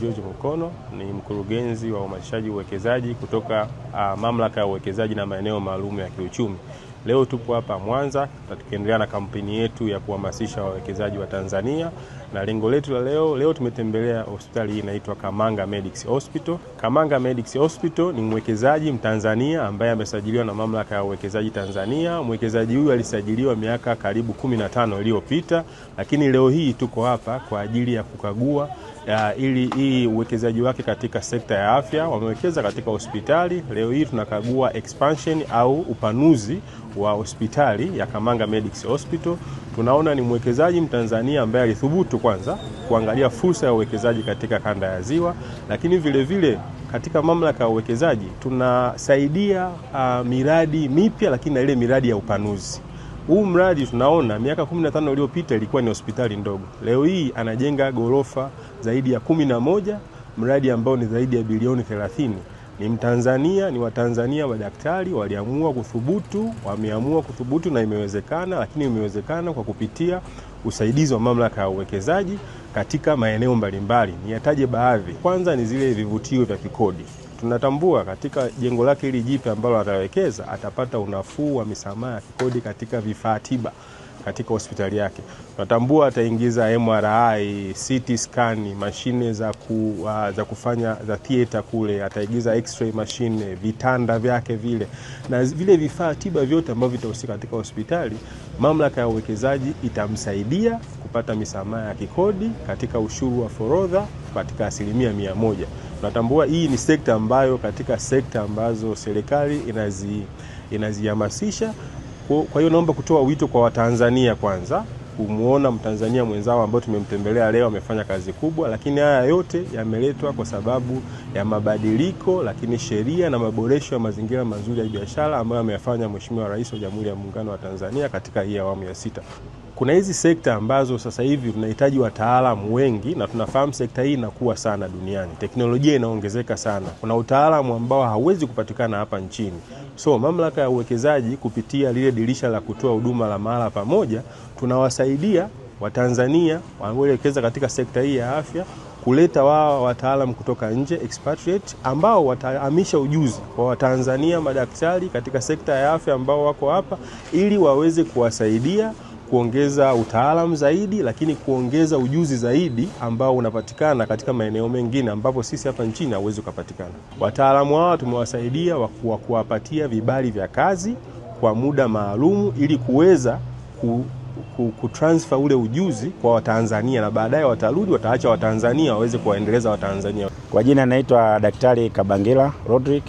George mkono ni mkurugenzi wa uhamasishaji uwekezaji kutoka uh, mamlaka ya uwekezaji na maeneo maalum ya kiuchumi. Leo tupo hapa Mwanza na tukiendelea na kampeni yetu ya kuhamasisha wawekezaji wa Tanzania, na lengo letu la leo, leo tumetembelea hospitali hii inaitwa Kamanga Medics Hospital. Kamanga Medics Hospital ni mwekezaji Mtanzania ambaye amesajiliwa na Mamlaka ya Uwekezaji Tanzania. Mwekezaji huyu alisajiliwa miaka karibu 15 iliyopita, lakini leo hii tuko hapa kwa ajili ya kukagua ya ili hii uwekezaji wake katika sekta ya afya. Wamewekeza katika hospitali, leo hii tunakagua expansion au upanuzi wa hospitali ya Kamanga Medics Hospital, tunaona ni mwekezaji Mtanzania ambaye alithubutu kwanza kuangalia fursa ya uwekezaji katika kanda ya Ziwa, lakini vilevile vile katika mamlaka ya uwekezaji tunasaidia uh, miradi mipya, lakini na ile miradi ya upanuzi huu mradi tunaona miaka 15 iliyopita ilikuwa ni hospitali ndogo, leo hii anajenga ghorofa zaidi ya 11, mradi ambao ni zaidi ya bilioni 30 ni Mtanzania, ni Watanzania. Madaktari waliamua kuthubutu, wameamua kuthubutu na imewezekana, lakini imewezekana kwa kupitia usaidizi wa mamlaka ya uwekezaji katika maeneo mbalimbali. Niyataje baadhi. Kwanza ni zile vivutio vya kikodi. Tunatambua katika jengo lake hili jipya ambalo atawekeza atapata unafuu wa misamaha ya kikodi katika vifaa tiba katika hospitali yake. Tunatambua ataingiza MRI, CT scan, mashine za, ku, uh, za kufanya za theater kule, ataingiza x-ray mashine, vitanda vyake vile na vile vifaa tiba vyote ambavyo vitahusika katika hospitali. Mamlaka ya uwekezaji itamsaidia kupata misamaha ya kikodi katika ushuru wa forodha katika asilimia mia moja. Tunatambua hii ni sekta ambayo katika sekta ambazo serikali inazihamasisha kwa hiyo naomba kutoa wito kwa Watanzania kwanza kumwona Mtanzania mwenzao ambao tumemtembelea leo amefanya kazi kubwa, lakini haya yote yameletwa kwa sababu ya mabadiliko, lakini sheria na maboresho ya mazingira mazuri ya biashara ambayo ameyafanya Mheshimiwa Rais wa Jamhuri ya Muungano wa Tanzania katika hii awamu ya sita kuna hizi sekta ambazo sasa hivi tunahitaji wataalamu wengi, na tunafahamu sekta hii inakuwa sana duniani, teknolojia inaongezeka sana. Kuna utaalamu ambao hauwezi kupatikana hapa nchini, so mamlaka ya uwekezaji kupitia lile dirisha la kutoa huduma la mahala pamoja, tunawasaidia Watanzania wanaowekeza katika sekta hii ya afya kuleta wao wataalamu kutoka nje expatriate, ambao watahamisha ujuzi kwa Watanzania madaktari katika sekta ya afya ambao wako hapa, ili waweze kuwasaidia kuongeza utaalamu zaidi, lakini kuongeza ujuzi zaidi ambao unapatikana katika maeneo mengine ambapo sisi hapa nchini hauwezi ukapatikana. Wataalamu hawa tumewasaidia kwa kuwapatia vibali vya kazi kwa muda maalumu ili kuweza ku kutransfer ule ujuzi kwa Watanzania na baadaye watarudi wataacha Watanzania waweze kuwaendeleza Watanzania. Kwa jina naitwa Daktari Kabangila Rodrick.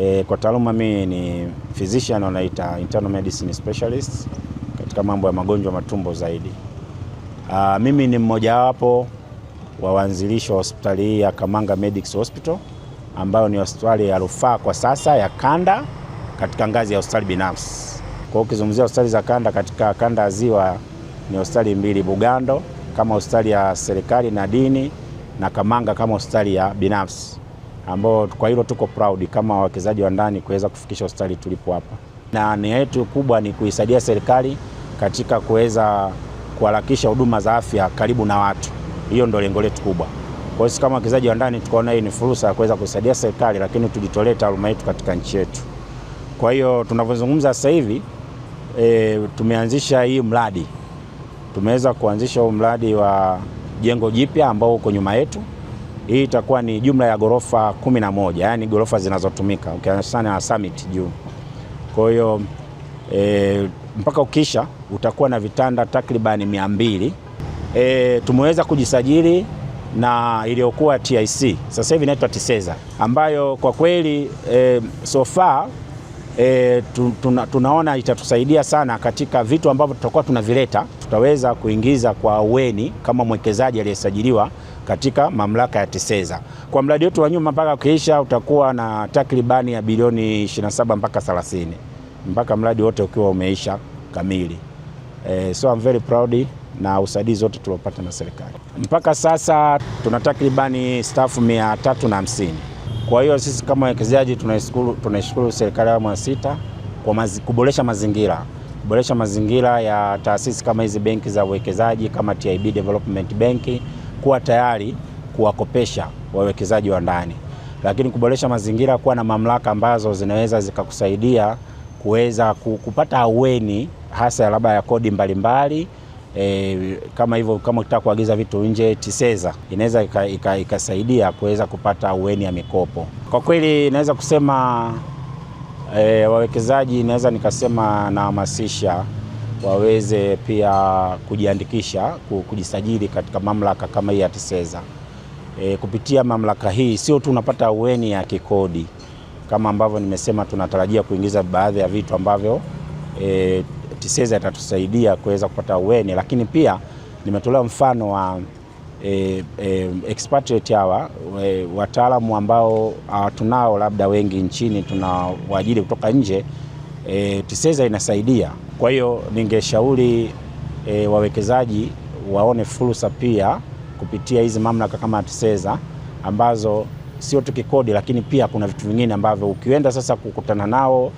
E, kwa taaluma mimi ni physician wanaita internal medicine specialist katika mambo ya magonjwa matumbo zaidi. Aa, ah, mimi ni mmojawapo wa waanzilishi wa hospitali hii ya Kamanga Medics Hospital ambayo ni hospitali ya rufaa kwa sasa ya kanda katika ngazi ya hospitali binafsi. Kwa hiyo ukizungumzia hospitali za kanda katika kanda ya Ziwa ni hospitali mbili, Bugando kama hospitali ya serikali na dini na Kamanga kama hospitali ya binafsi, ambao kwa hilo tuko proud kama wawekezaji wa ndani kuweza kufikisha hospitali tulipo hapa, na nia yetu kubwa ni kuisaidia serikali katika kuweza kuharakisha huduma za afya karibu na watu. Hiyo ndio lengo letu kubwa. Kwa hiyo sisi kama wawekezaji wa ndani tukaona hii ni fursa ya kuweza kusaidia serikali, lakini tujitolee taaluma yetu katika nchi yetu. Kwa hiyo tunavyozungumza sasa hivi e, tumeanzisha hii mradi, tumeweza kuanzisha huu mradi wa jengo jipya ambao uko nyuma yetu. Hii itakuwa ni jumla ya ghorofa kumi na moja, yani ghorofa zinazotumika ukiachana na Summit juu. Kwa hiyo e, mpaka ukisha utakuwa na vitanda takribani mia mbili. E, tumeweza kujisajili na iliyokuwa TIC sasa hivi inaitwa Tiseza ambayo kwa kweli e, so far e, tuna, tunaona itatusaidia sana katika vitu ambavyo tutakuwa tunavileta, tutaweza kuingiza kwa weni kama mwekezaji aliyesajiliwa katika mamlaka ya Tiseza. Kwa mradi wetu wa nyuma mpaka ukiisha utakuwa na takribani ya bilioni 27 mpaka 30 mpaka mradi wote ukiwa umeisha kamili. Eh, so I'm very proud na usaidizi wote tuliopata na serikali. Mpaka sasa tuna takribani staff mia tatu na hamsini. Kwa hiyo sisi kama wawekezaji tunaishukuru serikali ya awamu ya sita kwa mazi, kuboresha mazingira kuboresha mazingira ya taasisi kama hizi benki za uwekezaji kama TIB Development Bank kuwa tayari kuwakopesha wawekezaji wa ndani, lakini kuboresha mazingira, kuwa na mamlaka ambazo zinaweza zikakusaidia kuweza kupata aweni hasa labda ya kodi mbalimbali E, kama hivyo kama ukitaka kuagiza vitu nje Tiseza inaweza ikasaidia kuweza kupata ueni ya mikopo. Kwa kweli naweza kusema e, wawekezaji naweza nikasema nahamasisha waweze pia kujiandikisha kujisajili katika mamlaka kama hii ya Tiseza. E, kupitia mamlaka hii sio tu unapata ueni ya kikodi kama ambavyo nimesema, tunatarajia kuingiza baadhi ya vitu ambavyo e, TISEZA itatusaidia kuweza kupata uweni, lakini pia nimetolea mfano wa e, e, expatriate hawa e, wataalamu ambao ah, tunao labda wengi nchini, tuna waajiri kutoka nje e, TISEZA inasaidia. Kwa hiyo ningeshauri e, wawekezaji waone fursa pia kupitia hizi mamlaka kama TISEZA ambazo sio tu kikodi, lakini pia kuna vitu vingine ambavyo ukienda sasa kukutana nao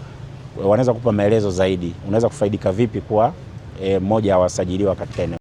wanaweza kupa maelezo zaidi, unaweza kufaidika vipi kuwa eh, mmoja e, wa wasajiliwa katika eneo